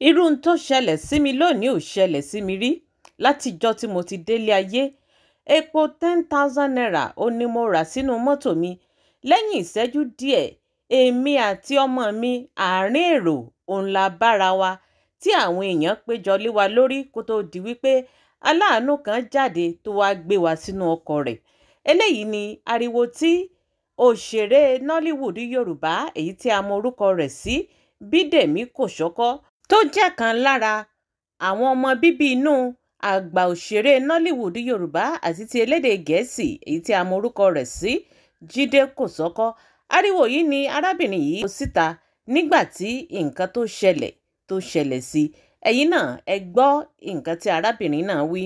irú n tó ṣẹlẹ̀ sí mi lónìí ò ṣẹlẹ̀ sí mi rí látijọ́ tí mo ti délé ayé epo ten thousand naira ó ní mo rà sínú mọ́tò mi lẹ́yìn ìṣẹ́jú díẹ̀ èmi àti ọmọ mi àárín èrò òun la bára wa tí àwọn èèyàn péjọ lé wa lórí kó tó di wípé aláàánú kan jáde tó wá gbé wa sínú ọkọ̀ rẹ̀ eléyìí ni ariwo tí òṣèré Nollywood Yorùbá èyí tí a mọ orúkọ rẹ̀ sí Bídèmí Kòsọ́kọ́ tó jẹ́ kan lára àwọn ọmọ bíbí inú àgbà òṣèré nollywood yorùbá àti ti elédè gẹ̀ẹ́sì èyí tí a mọ orúkọ rẹ̀ sí jíde kòsọ́kọ́ ariwo yìí ni arábìnrin yìí kó síta nígbà tí nǹkan tó ṣẹlẹ̀ tó ṣẹlẹ̀ sí ẹ̀yìn náà ẹ gbọ́ nǹkan tí arábìnrin náà wí.